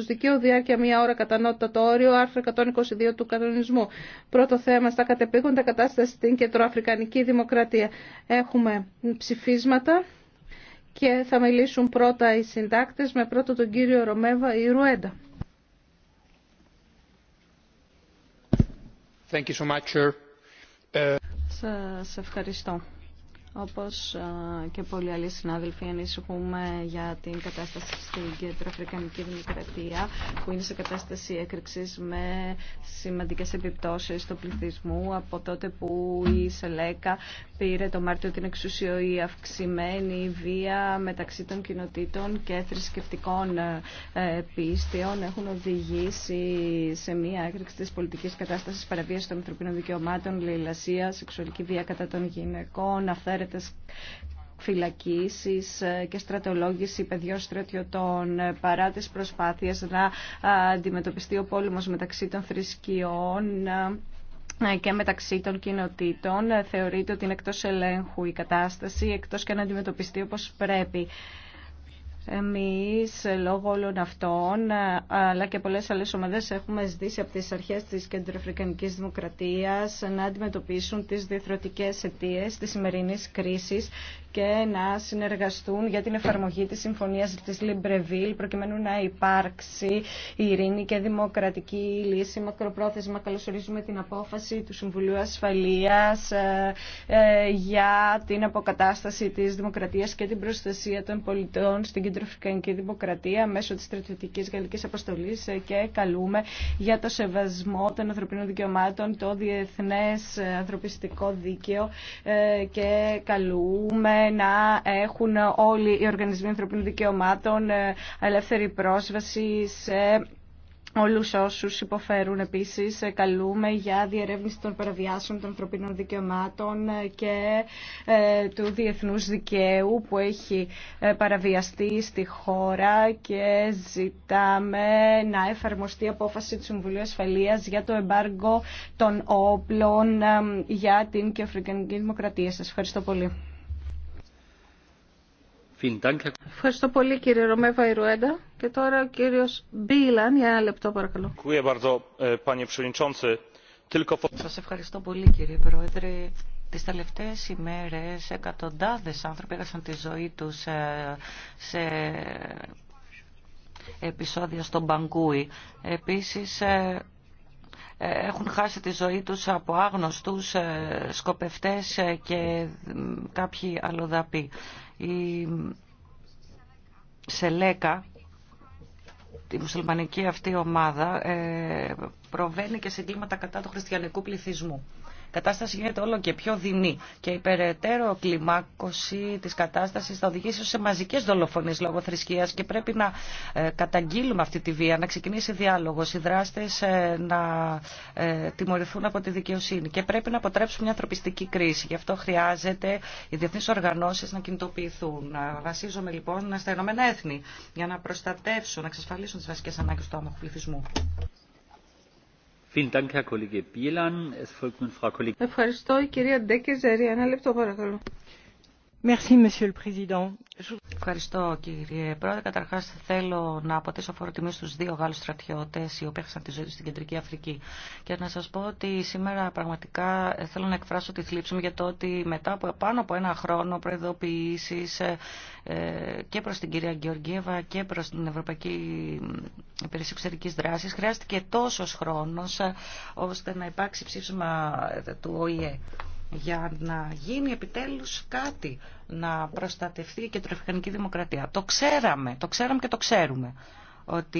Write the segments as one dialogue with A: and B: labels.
A: του δικαίου, διάρκεια μία ώρα το όριο, άρθρο 122 του κανονισμού. Πρώτο θέμα στα κατεπήγοντα κατάσταση στην κεντροαφρικανική δημοκρατία. Έχουμε ψηφίσματα και θα μιλήσουν πρώτα οι συντάκτες με πρώτο τον κύριο Ρωμέβα Ιρουέντα.
B: Thank you so much, ε, Σας ευχαριστώ. Όπως και πολλοί άλλοι συνάδελφοι ανησυχούμε για την κατάσταση στην Αφρικανική Δημοκρατία που είναι σε κατάσταση έκρηξης με σημαντικές επιπτώσεις στο πληθυσμό από τότε που η Σελέκα πήρε το Μάρτιο την εξουσία η αυξημένη βία μεταξύ των κοινοτήτων και θρησκευτικών ε, πίστεων έχουν οδηγήσει σε μία έκρηξη της πολιτικής κατάστασης παραβίαση των ανθρωπίνων δικαιωμάτων, λαιλασία, σεξουαλική βία κατά των γυναικών, αυθαίρετα της φυλακίσεις ε, και στρατολόγηση παιδιών στρατιωτών ε, παρά τις προσπάθειες να ε, αντιμετωπιστεί ο πόλεμος μεταξύ των θρησκειών και μεταξύ των κοινοτήτων θεωρείται ότι είναι εκτός ελέγχου η κατάσταση, εκτός και να αντιμετωπιστεί όπως πρέπει. Εμείς λόγω όλων αυτών αλλά και πολλές άλλες ομάδες έχουμε ζητήσει από τις αρχές της Κεντροαφρικανικής Δημοκρατίας να αντιμετωπίσουν τις διεθρωτικές αιτίε της σημερινής κρίσης και να συνεργαστούν για την εφαρμογή της Συμφωνίας της Λιμπρεβίλ προκειμένου να υπάρξει ειρήνη και δημοκρατική λύση μακροπρόθεσμα. Καλωσορίζουμε την απόφαση του Συμβουλίου Ασφαλείας ε, ε, για την αποκατάσταση της δημοκρατίας και την προστασία των πολιτών στην Κεντροαφρικανική Δημοκρατία μέσω της στρατιωτική γαλλικής Αποστολή ε, και καλούμε για το σεβασμό των ανθρωπίνων δικαιωμάτων, το διεθνές ε, ανθρωπιστικό δίκαιο ε, και καλούμε να έχουν όλοι οι οργανισμοί ανθρωπίνων δικαιωμάτων ελεύθερη πρόσβαση σε Όλους όσους υποφέρουν επίσης ε, καλούμε για διερεύνηση των παραβιάσεων των ανθρωπίνων δικαιωμάτων ε, και ε, του διεθνούς δικαίου που έχει παραβιαστεί στη χώρα και ζητάμε να εφαρμοστεί η απόφαση του Συμβουλίου Ασφαλείας για το εμπάργκο των όπλων για την και Δημοκρατία. Σας ευχαριστώ πολύ.
A: Ευχαριστώ πολύ κύριε Ρωμέβα Ιρουέντα. Και τώρα ο κύριος Μπίλαν για ένα λεπτό παρακαλώ. Ε, Σας ευχαριστώ
C: πολύ κύριε Πρόεδρε. Τις τελευταίες ημέρες εκατοντάδες άνθρωποι έχασαν τη ζωή τους ε, σε επεισόδια στον Μπαγκούι. Επίσης ε, ε, έχουν χάσει τη ζωή τους από άγνωστους ε, σκοπευτές ε, και κάποιοι αλλοδαποί. Η Σελέκα, τη μουσουλμανική αυτή ομάδα, προβαίνει και σε κατά του χριστιανικού πληθυσμού κατάσταση γίνεται όλο και πιο δεινή και η περαιτέρω κλιμάκωση της κατάστασης θα οδηγήσει σε μαζικές δολοφονίες λόγω θρησκείας και πρέπει να ε, καταγγείλουμε αυτή τη βία, να ξεκινήσει διάλογος, οι δράστες ε, να ε, τιμωρηθούν από τη δικαιοσύνη και πρέπει να αποτρέψουμε μια ανθρωπιστική κρίση. Γι' αυτό χρειάζεται οι διεθνείς οργανώσεις να κινητοποιηθούν. Βασίζομαι λοιπόν στα Ηνωμένα Έθνη για να προστατεύσουν, να εξασφαλίσουν τις βασικές ανάγκες του άμαχου πληθυσμού.
A: Ευχαριστώ η κυρία Ντέκεζερη. Ένα λεπτό παρακαλώ.
C: Ευχαριστώ κύριε Πρόεδρε. Καταρχά θέλω να αποτέσω φοροτιμή στου δύο Γάλλου στρατιώτε οι οποίοι έχασαν τη ζωή του στην Κεντρική Αφρική. Και να σα πω ότι σήμερα πραγματικά θέλω να εκφράσω τη θλίψη μου για το ότι μετά από πάνω από ένα χρόνο προειδοποιήσει ε, και προ την κυρία Γεωργίευα και προ την Ευρωπαϊκή Υπηρεσία Δράση χρειάστηκε τόσο χρόνο ε, ώστε να υπάρξει ψήφισμα του ΟΗΕ για να γίνει επιτέλους κάτι, να προστατευτεί η κεντροαφρικανική δημοκρατία. Το ξέραμε, το ξέραμε και το ξέρουμε ότι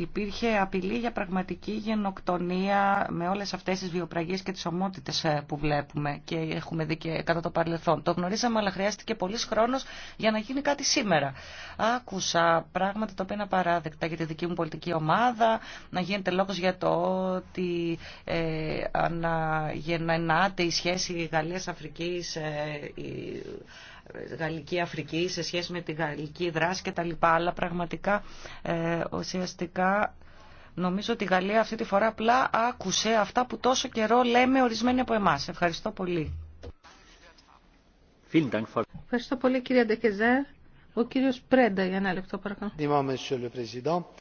C: υπήρχε απειλή για πραγματική γενοκτονία με όλες αυτές τις βιοπραγίες και τις ομότητες ε, που βλέπουμε και έχουμε δει και κατά το παρελθόν. Το γνωρίζαμε αλλά χρειάστηκε πολλής χρόνος για να γίνει κάτι σήμερα. Άκουσα πράγματα τα οποία είναι απαράδεκτα για τη δική μου πολιτική ομάδα, να γίνεται λόγος για το ότι ε, αναγεννάται η σχέση Γαλλίας-Αφρικής ε, Γαλλική Αφρική σε σχέση με τη γαλλική δράση και τα λοιπά. Αλλά πραγματικά ε, ουσιαστικά νομίζω ότι η Γαλλία αυτή τη φορά απλά άκουσε αυτά που τόσο καιρό λέμε ορισμένοι από εμάς. Ευχαριστώ πολύ.
A: Ευχαριστώ πολύ κύριε Αντεκεζέ. Ο κύριος Πρέντα για ένα λεπτό παρακαλώ. Ευχαριστώ.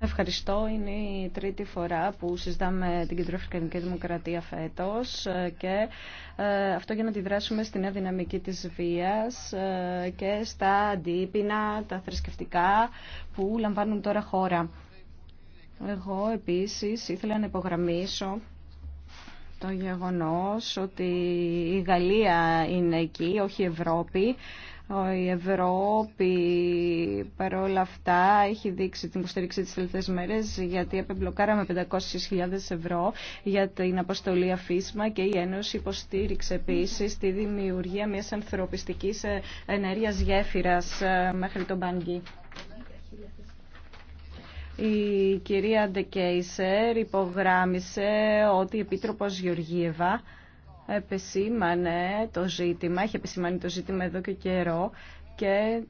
B: Ευχαριστώ. Είναι η τρίτη φορά που συζητάμε την Κεντροαφρικανική Δημοκρατία φέτος και ε, αυτό για να τη δράσουμε στην αδυναμική της βίας ε, και στα αντίπεινα, τα θρησκευτικά που λαμβάνουν τώρα χώρα. Εγώ επίσης ήθελα να υπογραμμίσω το γεγονός ότι η Γαλλία είναι εκεί, όχι η Ευρώπη. Η Ευρώπη παρόλα αυτά έχει δείξει την υποστήριξη τις τελευταίες μέρες γιατί επεμπλοκάραμε 500.000 ευρώ για την αποστολή αφίσμα και η Ένωση υποστήριξε επίσης τη δημιουργία μιας ανθρωπιστικής ενέργειας γέφυρας ε, μέχρι τον Μπάνγκη. Η κυρία Ντεκέισερ υπογράμισε ότι η Επίτροπος Γεωργίευα επεσήμανε το ζήτημα, έχει επισημάνει το ζήτημα εδώ και καιρό και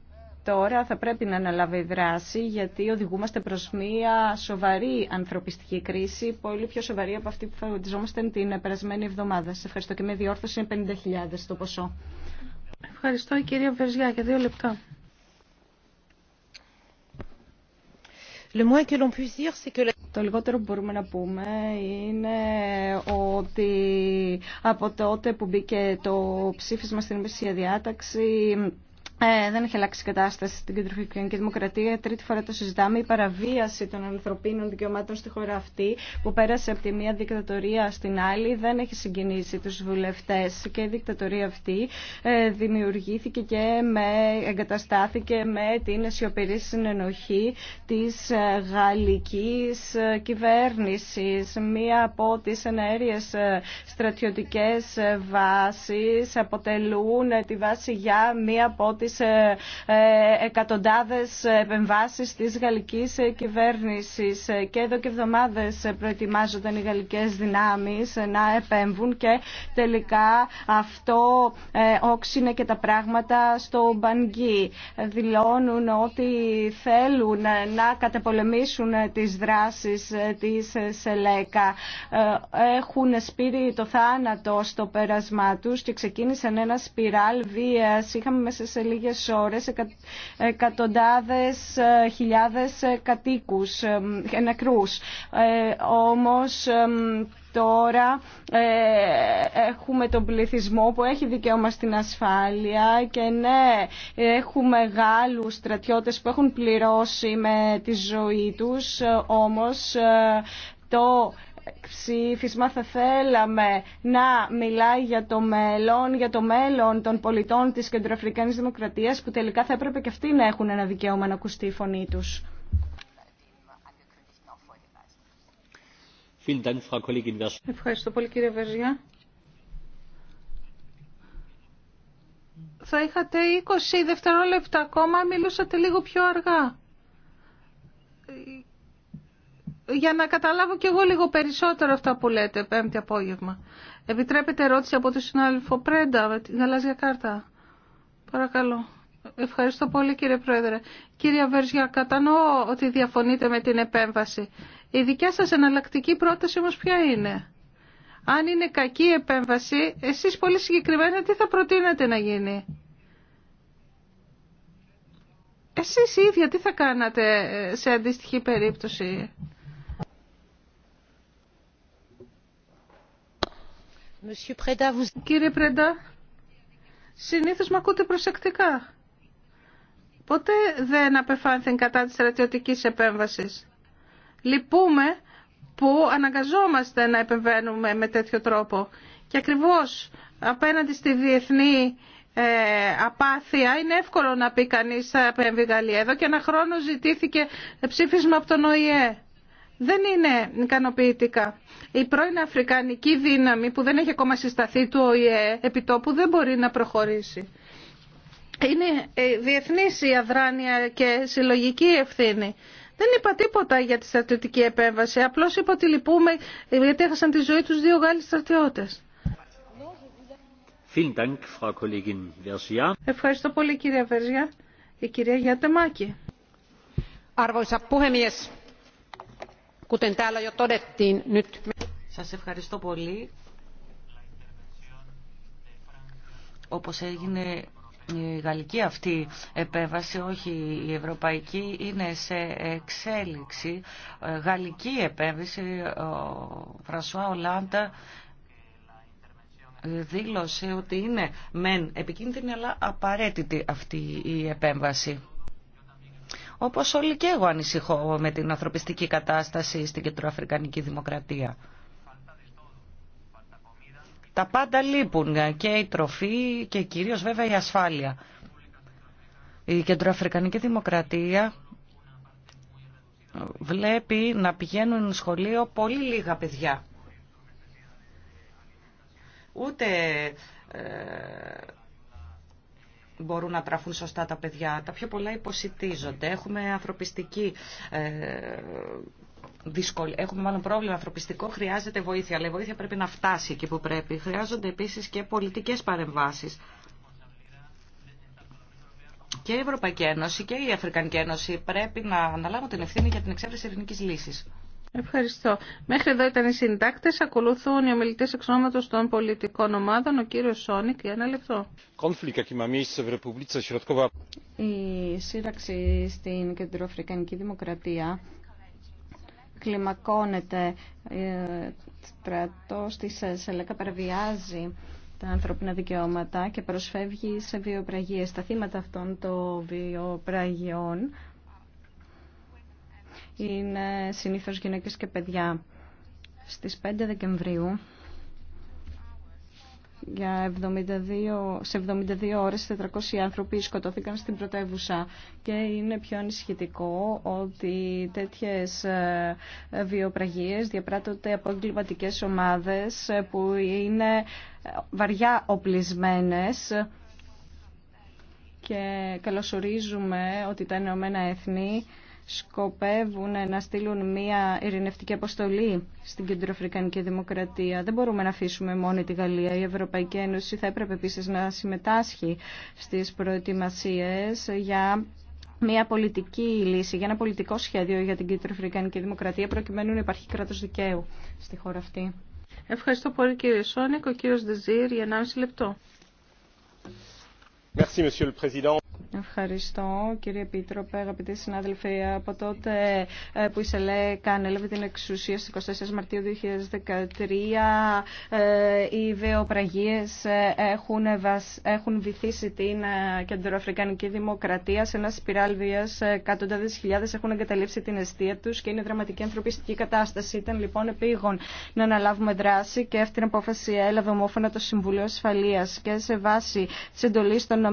B: τώρα θα πρέπει να αναλάβει δράση γιατί οδηγούμαστε προς μια σοβαρή ανθρωπιστική κρίση, πολύ πιο σοβαρή από αυτή που φαντιζόμαστε την περασμένη εβδομάδα. Σας ευχαριστώ και με διόρθωση 50.000 το ποσό. Ευχαριστώ η
A: κυρία Βεζιά, για δύο λεπτά.
B: Το λιγότερο που μπορούμε να πούμε είναι ότι από τότε που μπήκε το ψήφισμα στην ημερήσια διάταξη ε, δεν έχει αλλάξει η κατάσταση στην κοινωνική δημοκρατία. Τρίτη φορά το συζητάμε. Η παραβίαση των ανθρωπίνων δικαιωμάτων στη χώρα αυτή, που πέρασε από τη μία δικτατορία στην άλλη, δεν έχει συγκινήσει του βουλευτέ. Και η δικτατορία αυτή ε, δημιουργήθηκε και με, εγκαταστάθηκε με την αισιοπηρή συνενοχή τη ε, γαλλική ε, κυβέρνηση. Μία από τι ενέργειε στρατιωτικέ βάσει αποτελούν τη βάση για μία από τι τις ε, ε, εκατοντάδες επεμβάσεις της γαλλικής κυβέρνησης. Και εδώ και εβδομάδες προετοιμάζονταν οι γαλλικές δυνάμεις να επέμβουν και τελικά αυτό ε, όξινε και τα πράγματα στο Μπανγκί. Δηλώνουν ότι θέλουν να καταπολεμήσουν τις δράσεις της Σελέκα. Έχουν σπείρει το θάνατο στο πέρασμά τους και ξεκίνησαν ένα σπιράλ βίας. Είχαμε μέσα σε λίγη λίγες ώρες εκατοντάδες ε, χιλιάδες ε, κατοίκους ε, νεκρούς. όμως τώρα έχουμε τον πληθυσμό που έχει δικαίωμα στην ασφάλεια και ναι, έχουμε Γάλλους στρατιώτες που έχουν πληρώσει με τη ζωή τους, όμως το ψήφισμα θα θέλαμε να μιλάει για το μέλλον, για το μέλλον των πολιτών της Κεντροαφρικανής Δημοκρατίας που τελικά θα έπρεπε και αυτοί να έχουν ένα δικαίωμα να ακουστεί η φωνή τους.
A: Ευχαριστώ πολύ κύριε Βεζιά. Θα είχατε 20 δευτερόλεπτα ακόμα, μιλούσατε λίγο πιο αργά για να καταλάβω κι εγώ λίγο περισσότερο αυτά που λέτε πέμπτη απόγευμα. Επιτρέπετε ερώτηση από τον συνάδελφο Πρέντα με την γαλάζια κάρτα. Παρακαλώ. Ευχαριστώ πολύ κύριε Πρόεδρε. Κύριε Βερζιά, κατανοώ ότι διαφωνείτε με την επέμβαση. Η δικιά σας εναλλακτική πρόταση όμως ποια είναι. Αν είναι κακή επέμβαση, εσείς πολύ συγκεκριμένα τι θα προτείνατε να γίνει. Εσείς ίδια τι θα κάνατε ε, σε αντίστοιχη περίπτωση. Κύριε Πρέντα, συνήθως με ακούτε προσεκτικά. Ποτέ δεν απεφάνθηκαν κατά της στρατιωτικής επέμβασης. Λυπούμε που αναγκαζόμαστε να επεμβαίνουμε με τέτοιο τρόπο. Και ακριβώς απέναντι στη διεθνή ε, απάθεια είναι εύκολο να πει κανείς θα επέμβει Γαλλία. Εδώ και ένα χρόνο ζητήθηκε ψήφισμα από τον ΟΗΕ δεν είναι ικανοποιητικά. Η πρώην Αφρικανική δύναμη που δεν έχει ακόμα συσταθεί του ΟΗΕ τόπου δεν μπορεί να προχωρήσει. Είναι ε, διεθνής η αδράνεια και συλλογική ευθύνη. Δεν είπα τίποτα για τη στρατιωτική επέμβαση. Απλώς είπα ότι λυπούμε γιατί έχασαν τη ζωή τους δύο Γάλλοι στρατιώτες. Ευχαριστώ πολύ κυρία Βερζιά. Η κυρία Γιάτεμάκη. Arvoisa puhemies, Kuten Σας ευχαριστώ πολύ.
C: Όπως έγινε η γαλλική αυτή επέμβαση, όχι η ευρωπαϊκή, είναι σε εξέλιξη. Ε, γαλλική επέμβαση, ο Φρασουά Ολάντα δήλωσε ότι είναι μεν επικίνδυνη αλλά απαραίτητη αυτή η επέμβαση. Όπως όλοι και εγώ ανησυχώ με την ανθρωπιστική κατάσταση στην Κεντροαφρικανική Δημοκρατία. Τα πάντα λείπουν και η τροφή και κυρίως βέβαια η ασφάλεια. Η Κεντροαφρικανική Δημοκρατία βλέπει να πηγαίνουν σχολείο πολύ λίγα παιδιά. Ούτε ε, μπορούν να τραφούν σωστά τα παιδιά. Τα πιο πολλά υποσυτίζονται. Έχουμε ανθρωπιστική ε, δυσκολία. Έχουμε μάλλον πρόβλημα ανθρωπιστικό, χρειάζεται βοήθεια. Αλλά η βοήθεια πρέπει να φτάσει εκεί που πρέπει. Χρειάζονται επίσης και πολιτικές παρεμβάσεις και η Ευρωπαϊκή Ένωση και η Αφρικανική Ένωση πρέπει να αναλάβουν την ευθύνη για την
A: εξέβρεση ειρηνική λύση. Ευχαριστώ. Μέχρι εδώ ήταν οι συντάκτες. Ακολουθούν οι ομιλητές εξ των πολιτικών ομάδων. Ο κύριος Σόνικ, για ένα λεπτό. Η σύραξη στην Κεντροαφρικανική Δημοκρατία
B: κλιμακώνεται. Ε, στρατό τη ε, Σελέκα παραβιάζει τα ανθρώπινα δικαιώματα και προσφεύγει σε βιοπραγίες. Τα θύματα αυτών των βιοπραγιών είναι συνήθως γυναίκες και παιδιά. Στις 5 Δεκεμβρίου για 72, σε 72 ώρες 400 άνθρωποι σκοτώθηκαν στην πρωτεύουσα και είναι πιο ανησυχητικό ότι τέτοιες ε, βιοπραγίες διαπράττονται από εγκληματικέ ομάδες ε, που είναι ε, βαριά οπλισμένες και καλωσορίζουμε ότι τα Ηνωμένα Έθνη σκοπεύουν να στείλουν μια ειρηνευτική αποστολή στην Κεντροαφρικανική Δημοκρατία. Δεν μπορούμε να αφήσουμε μόνη τη Γαλλία. Η Ευρωπαϊκή Ένωση θα έπρεπε επίση να συμμετάσχει στις προετοιμασίε για μια πολιτική λύση, για ένα πολιτικό σχέδιο για την Κεντροαφρικανική Δημοκρατία προκειμένου να υπάρχει κράτος δικαίου στη χώρα αυτή. Ευχαριστώ πολύ κύριε Σόνικ. Ο κύριο Δεζίρ για 1,5 λεπτό. Merci, Ευχαριστώ κύριε Επίτροπε, αγαπητοί συνάδελφοι. Από τότε ε, που η ΣΕΛΕ την εξουσία στις 24 Μαρτίου 2013 ε, οι βεοπραγίες ε, έχουν, βασ... έχουν βυθίσει την κεντροαφρικανική δημοκρατία σε ένα σπιράλ βίας. Εκατοντάδες χιλιάδες έχουν εγκαταλείψει την αιστεία τους και είναι δραματική ανθρωπιστική κατάσταση. Ήταν λοιπόν επίγον να αναλάβουμε δράση και αυτή την απόφαση έλαβε ομόφωνα το Συμβουλίο Ασφαλείας και σε βάση τη εντολή των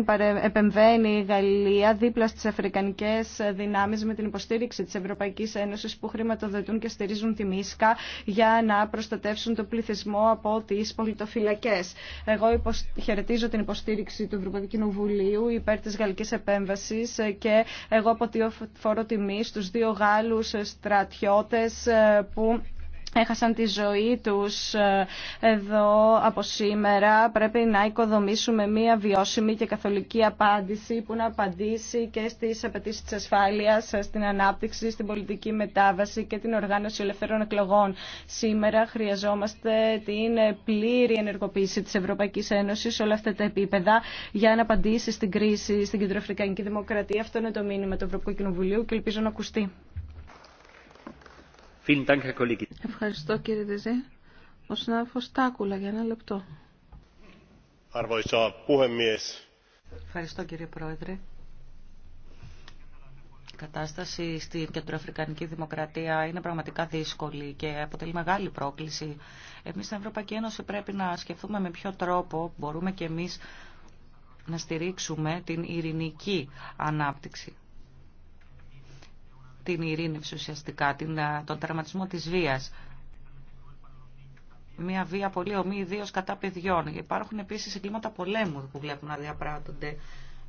B: ΗΠΑ παρεμβαίνει η Γαλλία δίπλα στις αφρικανικές δυνάμεις με την υποστήριξη της Ευρωπαϊκής Ένωσης που χρηματοδοτούν και στηρίζουν τη Μίσκα για να προστατεύσουν τον πληθυσμό από τις πολιτοφυλακές. Εγώ χαιρετίζω την υποστήριξη του Ευρωπαϊκού Κοινοβουλίου υπέρ τη Γαλλική επέμβασης και εγώ αποτείω φοροτιμή στους δύο Γάλλους στρατιώτε ε, που έχασαν τη ζωή τους ε, εδώ από σήμερα. Πρέπει να οικοδομήσουμε μια βιώσιμη και καθολική απάντηση που να απαντήσει και στις απαιτήσει της ασφάλειας, στην ανάπτυξη, στην πολιτική μετάβαση και την οργάνωση ελευθερών εκλογών. Σήμερα χρειαζόμαστε την πλήρη ενεργοποίηση της Ευρωπαϊκής Ένωσης σε όλα αυτά τα επίπεδα για να απαντήσει στην κρίση στην Κεντροαφρικανική Δημοκρατία. Αυτό είναι το μήνυμα του Ευρωπαϊκού Κοινοβουλίου και ελπίζω να ακουστεί.
A: Ευχαριστώ κύριε Δεζέ. Ο συνάδελφος Τάκουλα για ένα λεπτό.
C: Ευχαριστώ κύριε Πρόεδρε. Η κατάσταση στην κεντροαφρικανική δημοκρατία είναι πραγματικά δύσκολη και αποτελεί μεγάλη πρόκληση. Εμείς στην Ευρωπαϊκή Ένωση πρέπει να σκεφτούμε με ποιο τρόπο μπορούμε και εμείς να στηρίξουμε την ειρηνική ανάπτυξη την ειρήνευση ουσιαστικά, την, τον τερματισμό της βίας. Μια βία πολύ ομή, ιδίω κατά παιδιών. Υπάρχουν επίσης εγκλήματα πολέμου που βλέπουν να διαπράττονται.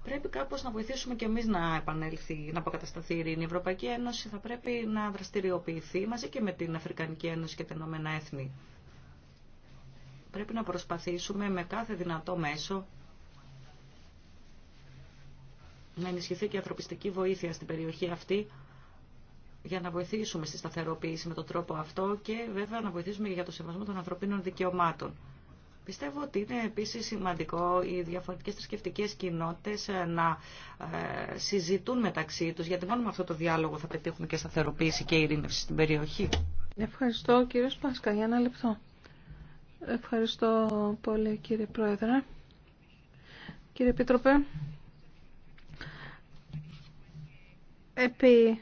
C: Πρέπει κάπω να βοηθήσουμε και εμεί να επανέλθει, να αποκατασταθεί η ειρήνη. Η Ευρωπαϊκή Ένωση θα πρέπει να δραστηριοποιηθεί μαζί και με την Αφρικανική Ένωση και τα Ηνωμένα Έθνη. Πρέπει να προσπαθήσουμε με κάθε δυνατό μέσο να ενισχυθεί και η ανθρωπιστική βοήθεια στην περιοχή αυτή για να βοηθήσουμε στη σταθεροποίηση με τον τρόπο αυτό και βέβαια να βοηθήσουμε για το σεβασμό των ανθρωπίνων δικαιωμάτων. Πιστεύω ότι είναι επίσης σημαντικό οι διαφορετικές θρησκευτικέ κοινότητες ε, να ε, συζητούν μεταξύ τους, γιατί μόνο με αυτό το διάλογο θα πετύχουμε και σταθεροποίηση και ειρήνευση στην περιοχή.
A: Ευχαριστώ κύριε Σπάσκα για ένα λεπτό. Ευχαριστώ πολύ κύριε Πρόεδρε. Κύριε Επίτροπε, επί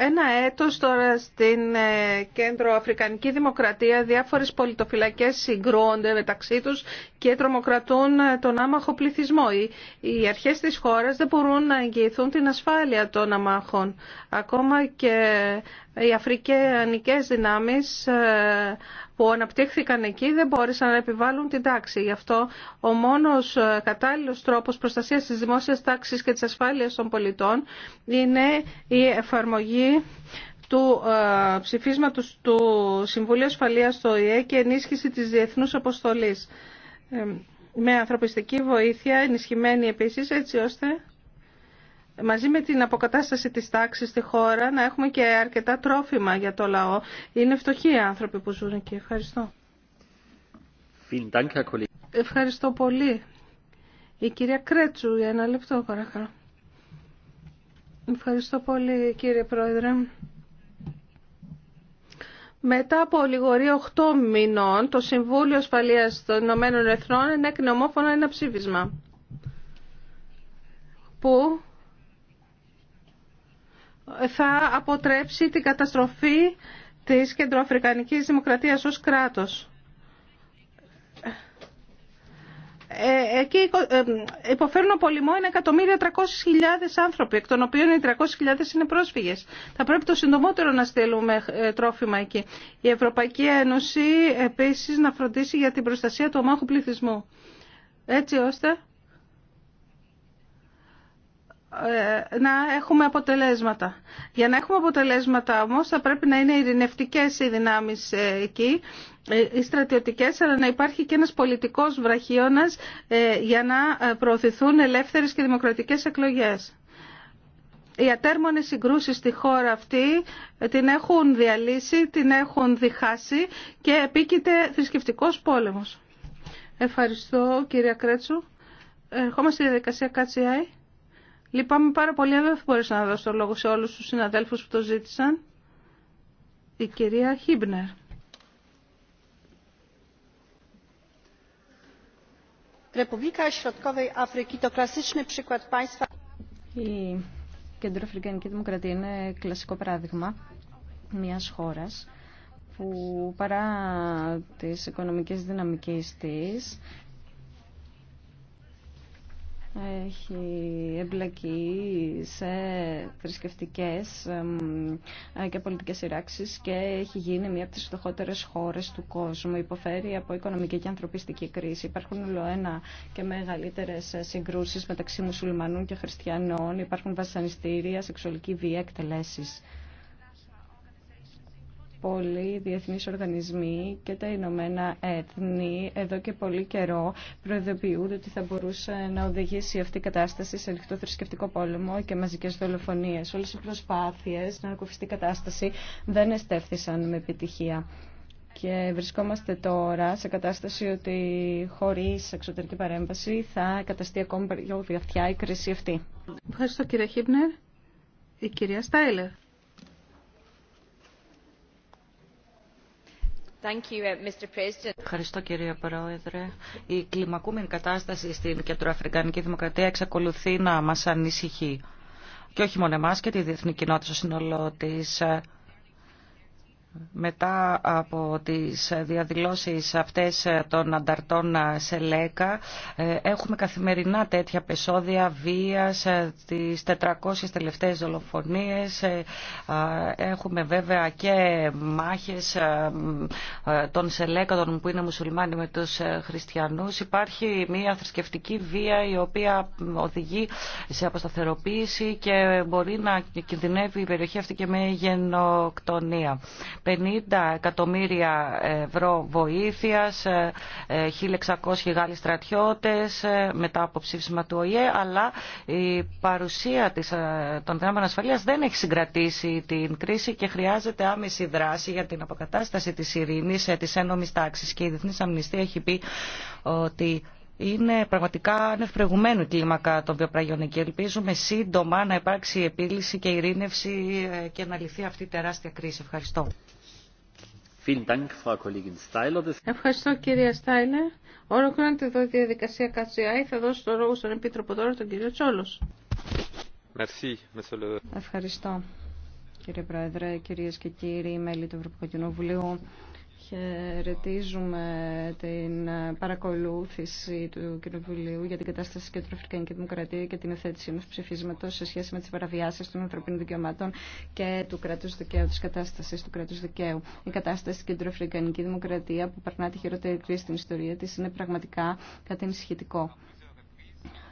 A: ένα έτος τώρα στην ε, Κέντρο Αφρικανική Δημοκρατία διάφορες πολιτοφυλακές συγκρούονται μεταξύ τους και τρομοκρατούν ε, τον άμαχο πληθυσμό. Οι αρχές της χώρας δεν μπορούν να εγγυηθούν την ασφάλεια των αμάχων. Ακόμα και οι αφρικανικές δυνάμεις ε, που αναπτύχθηκαν εκεί δεν μπόρεσαν να επιβάλλουν την τάξη. Γι' αυτό ο μόνος κατάλληλος τρόπος προστασίας της δημόσιας τάξης και της ασφάλειας των πολιτών είναι η εφαρμογή του ε, ψηφίσματος του Συμβουλίου Ασφαλείας στο ΙΕ και ενίσχυση της διεθνούς αποστολής ε, με ανθρωπιστική βοήθεια ενισχυμένη επίσης έτσι ώστε μαζί με την αποκατάσταση της τάξης στη χώρα να έχουμε και αρκετά τρόφιμα για το λαό. Είναι φτωχοί οι άνθρωποι που ζουν εκεί. Ευχαριστώ. Ευχαριστώ πολύ. Η κυρία Κρέτσου για ένα λεπτό παρακαλώ. Ευχαριστώ πολύ κύριε Πρόεδρε. Μετά από λιγορή 8 μηνών, το Συμβούλιο Ασφαλείας των Ηνωμένων Εθνών ενέκρινε ομόφωνα ένα ψήφισμα που θα αποτρέψει την καταστροφή της Κεντροαφρικανικής Δημοκρατίας ως κράτος. Ε, εκεί ε, υποφέρουν από λοιμό 1.300.000 άνθρωποι, εκ των οποίων οι 300.000 είναι πρόσφυγες. Θα πρέπει το συντομότερο να στέλνουμε ε, τρόφιμα εκεί. Η Ευρωπαϊκή Ένωση επίσης να φροντίσει για την προστασία του ομάχου πληθυσμού. Έτσι ώστε ε, να έχουμε αποτελέσματα. Για να έχουμε αποτελέσματα όμως θα πρέπει να είναι ειρηνευτικές οι δυνάμεις ε, εκεί, ε, οι στρατιωτικές, αλλά να υπάρχει και ένας πολιτικός βραχίωνας για να προωθηθούν ελεύθερες και δημοκρατικές εκλογές. Οι ατέρμονες συγκρούσεις στη χώρα αυτή την έχουν διαλύσει, την έχουν διχάσει και επίκειται θρησκευτικός πόλεμος. Ευχαριστώ κυρία Κρέτσου. Ερχόμαστε στη διαδικασία ΚΑΤΣΙΑΗ Λυπάμαι πάρα πολύ, αλλά δεν θα μπορούσα να δώσω λόγο σε όλους τους συναδέλφους που το ζήτησαν. Η κυρία Χίμπνερ.
B: Η Κεντροαφρικανική Δημοκρατία είναι κλασικό παράδειγμα μιας χώρας που παρά τις οικονομικές δυναμικές της έχει εμπλακεί σε θρησκευτικέ και πολιτικές σειράξεις και έχει γίνει μία από τις φτωχότερες χώρες του κόσμου. Υποφέρει από οικονομική και ανθρωπιστική κρίση. Υπάρχουν ολοένα και μεγαλύτερες συγκρούσεις μεταξύ μουσουλμανών και χριστιανών. Υπάρχουν βασανιστήρια, σεξουαλική βία, εκτελέσεις πολλοί διεθνείς οργανισμοί και τα Ηνωμένα Έθνη εδώ και πολύ καιρό προειδοποιούνται ότι θα μπορούσε να οδηγήσει αυτή η κατάσταση σε ανοιχτό θρησκευτικό πόλεμο και μαζικές δολοφονίες. Όλες οι προσπάθειες να ανακουφιστεί η κατάσταση δεν εστέφθησαν με επιτυχία. Και βρισκόμαστε τώρα σε κατάσταση ότι χωρίς εξωτερική παρέμβαση θα καταστεί ακόμη
A: πιο βιαφτιά η κρίση αυτή. Ευχαριστώ κύριε Χίπνερ. Η κυρία Στάιλερ.
B: Uh,
C: Ευχαριστώ κύριε Πρόεδρε. Η κλιμακούμενη κατάσταση στην Κεντροαφρικανική Δημοκρατία εξακολουθεί να μας ανησυχεί. Και όχι μόνο εμάς και τη διεθνή κοινότητα στο σύνολό της μετά από τις διαδηλώσεις αυτές των ανταρτών σε ΛΕΚΑ ε, έχουμε καθημερινά τέτοια πεσόδια βίας, ε, τις 400 τελευταίες δολοφονίες ε, έχουμε βέβαια και μάχες των των που είναι μουσουλμάνοι με τους χριστιανούς υπάρχει μια θρησκευτική βία η οποία οδηγεί σε αποσταθεροποίηση και μπορεί να κινδυνεύει η περιοχή αυτή και με γενοκτονία 50 εκατομμύρια ευρώ βοήθειας, 1.600 ε, ε, Γάλλοι στρατιώτες ε, μετά από ψήφισμα του ΟΗΕ, αλλά η παρουσία της, των δυνάμεων ασφαλείας δεν έχει συγκρατήσει την κρίση και χρειάζεται άμεση δράση για την αποκατάσταση της ειρήνης, της ένομης τάξης. Και η Διεθνής Αμνηστία έχει πει ότι είναι πραγματικά ανευπροηγουμένου κλίμακα των βιοπραγιών και ελπίζουμε σύντομα να υπάρξει επίλυση και ειρήνευση και να λυθεί αυτή η τεράστια κρίση. Ευχαριστώ.
A: Ευχαριστώ κυρία Στάιλερ. Ολοκληρώνεται εδώ η διαδικασία ΚΑΤΣΙΑΗ. Θα δώσω το λόγο στον Επίτροπο τώρα, τον κύριο Τσόλο.
B: Ευχαριστώ κύριε Πρόεδρε, κυρίε και κύριοι μέλη του Ευρωπαϊκού Κοινοβουλίου. Χαιρετίζουμε την παρακολούθηση του Κοινοβουλίου για την κατάσταση και Κεντροαφρικανική Αφρικανική Δημοκρατία και την εθέτηση ενό ψηφίσματο σε σχέση με τι παραβιάσει των ανθρωπίνων δικαιωμάτων και του κράτου δικαίου, τη κατάσταση του κράτου δικαίου. Η κατάσταση στην Κεντροαφρικανική Δημοκρατία που περνά τη χειρότερη κρίση στην ιστορία τη είναι πραγματικά κάτι ενισχυτικό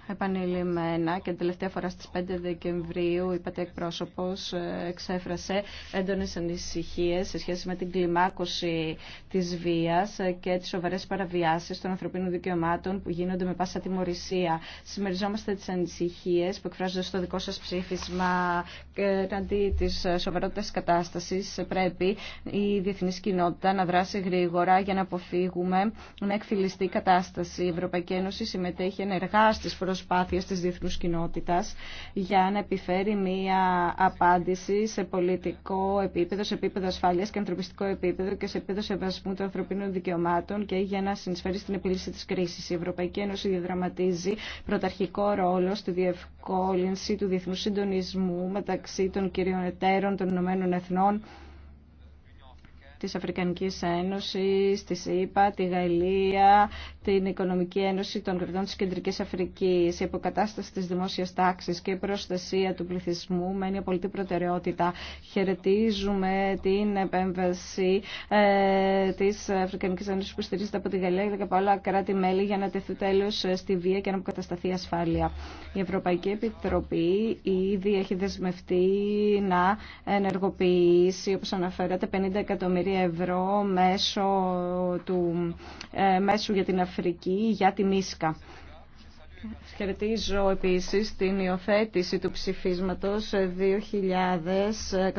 B: επανειλημμένα και την τελευταία φορά στις 5 Δεκεμβρίου η ΠΑΤΕΚ πρόσωπος ε, εξέφρασε έντονες ανησυχίες σε σχέση με την κλιμάκωση της βίας ε, και τις σοβαρές παραβιάσεις των ανθρωπίνων δικαιωμάτων που γίνονται με πάσα τιμωρησία. Συμμεριζόμαστε τις ανησυχίες που εκφράζονται στο δικό σας ψήφισμα και ε, αντί της σοβαρότητας κατάστασης πρέπει η διεθνή κοινότητα να δράσει γρήγορα για να αποφύγουμε να εκφυλιστεί κατάσταση. Η Ευρωπαϊκή Ένωση συμμετέχει ενεργά στις προσπάθειες της διεθνούς κοινότητας για να επιφέρει μία απάντηση σε πολιτικό επίπεδο, σε επίπεδο ασφάλειας και ανθρωπιστικό επίπεδο και σε επίπεδο σεβασμού των ανθρωπίνων δικαιωμάτων και για να συνεισφέρει στην επίλυση της κρίσης. Η Ευρωπαϊκή Ένωση διαδραματίζει πρωταρχικό ρόλο στη διευκόλυνση του διεθνού συντονισμού μεταξύ των κυριων εταίρων των Ηνωμένων Εθνών της Αφρικανικής Ένωσης, της ΕΥΠΑ, τη Γαλλία, την Οικονομική Ένωση των Κρατών της Κεντρικής Αφρικής, η αποκατάσταση της δημόσιας τάξης και η προστασία του πληθυσμού μένει πολιτική προτεραιότητα. Χαιρετίζουμε την επέμβαση ε, της Αφρικανικής Ένωσης που στηρίζεται από τη Γαλλία και απο ολα άλλα κράτη-μέλη για να τεθεί τέλος ε, στη βία και να αποκατασταθεί η ασφάλεια. Η Ευρωπαϊκή Επιτροπή ήδη έχει δεσμευτεί να ενεργοποιήσει, όπως αναφέρατε, 50 εκατομμύρια ευρώ μέσω του ε, μέσου για την Αφρική για τη Μίσκα. Χαιρετίζω επίσης την υιοθέτηση του ψηφίσματος 2127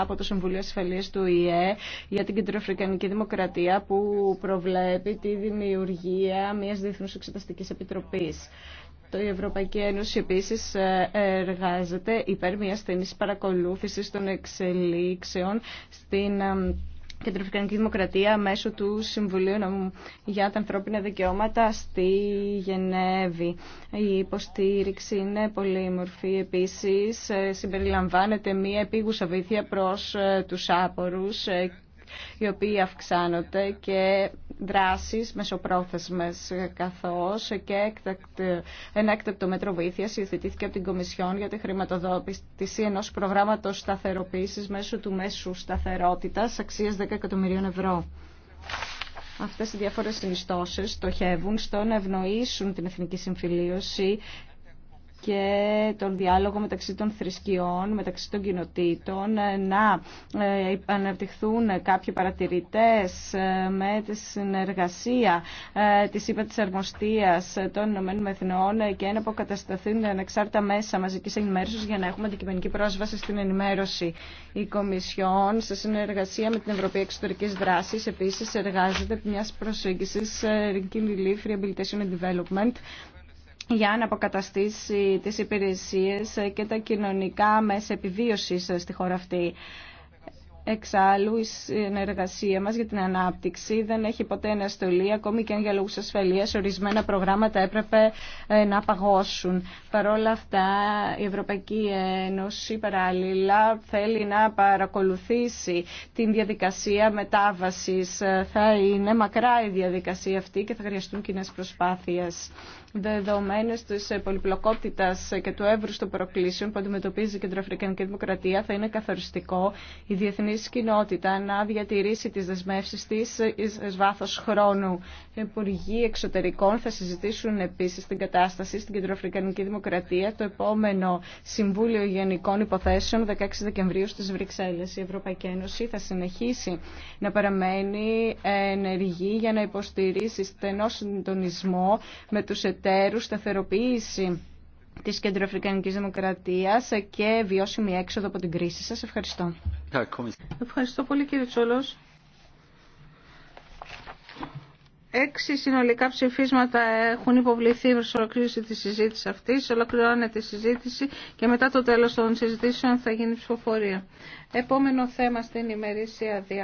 B: από το Συμβουλίο Ασφαλείας του ΙΕ για την Κεντροαφρικανική Δημοκρατία που προβλέπει τη δημιουργία μιας Διεθνούς Εξεταστικής Επιτροπής η Ευρωπαϊκή Ένωση επίσης ε, εργάζεται υπέρ μια στενής παρακολούθησης των εξελίξεων στην ε, Κεντροφυκανική Δημοκρατία μέσω του Συμβουλίου για τα Ανθρώπινα Δικαιώματα στη Γενέβη. Η υποστήριξη είναι μορφή Επίσης, ε, συμπεριλαμβάνεται μία επίγουσα βοήθεια προς τους άπορους οι οποίοι αυξάνονται και δράσεις μεσοπρόθεσμες καθώς και ένα έκτακτο μέτρο βοήθεια υιοθετήθηκε από την Κομισιόν για τη χρηματοδότηση ενός προγράμματος σταθεροποίηση μέσω του μέσου σταθερότητας αξίας 10 εκατομμυρίων ευρώ. Αυτές οι διάφορες συνιστώσεις στοχεύουν στο να ευνοήσουν την εθνική συμφιλίωση και τον διάλογο μεταξύ των θρησκειών, μεταξύ των κοινοτήτων, ε, να ε, αναπτυχθούν κάποιοι παρατηρητέ ε, με τη συνεργασία της ΥΠΑ των Ηνωμένων Εθνών και να αποκατασταθούν ανεξάρτητα μέσα μαζική ενημέρωση για να έχουμε αντικειμενική πρόσβαση στην ενημέρωση. Η Κομισιόν, σε συνεργασία με την Ευρωπαϊκή Εξωτερική Δράση, επίση εργάζεται μια προσέγγιση Relief Rehabilitation and Development για να αποκαταστήσει τις υπηρεσίες και τα κοινωνικά μέσα επιβίωσης στη χώρα αυτή. Εξάλλου, η συνεργασία μας για την ανάπτυξη δεν έχει ποτέ αναστολή, ακόμη και αν για λόγους ασφαλείας ορισμένα προγράμματα έπρεπε ε, να παγώσουν. Παρ' όλα αυτά, η Ευρωπαϊκή Ένωση παράλληλα θέλει να παρακολουθήσει την διαδικασία μετάβασης. Ε, θα είναι μακρά η διαδικασία αυτή και θα χρειαστούν κοινέ προσπάθειες. Δεδομένες τη πολυπλοκότητα και του εύρου των προκλήσεων που αντιμετωπίζει η Κεντροαφρικανική Δημοκρατία, θα είναι καθοριστικό η διεθνή κοινότητα να διατηρήσει τι δεσμεύσει τη εις βάθο χρόνου. Οι Υπουργοί Εξωτερικών θα συζητήσουν επίση την κατάσταση στην Κεντροαφρικανική Δημοκρατία το επόμενο Συμβούλιο Γενικών Υποθέσεων 16 Δεκεμβρίου στις Βρυξέλλε. Η Ευρωπαϊκή Ένωση θα συνεχίσει να παραμένει ενεργή για να υποστηρίσει στενό συντονισμό με τους εταίρους σταθεροποίηση της Κεντροαφρικανική Δημοκρατίας και βιώσιμη έξοδο από την κρίση. Σας
A: ευχαριστώ. Ευχαριστώ πολύ κύριε Τσόλο. Έξι συνολικά ψηφίσματα έχουν υποβληθεί προ ολοκλήρωση τη συζήτηση αυτή. Ολοκληρώνεται η συζήτηση και μετά το τέλος των συζητήσεων θα γίνει ψηφοφορία. Επόμενο θέμα στην ημερήσια διάρκεια.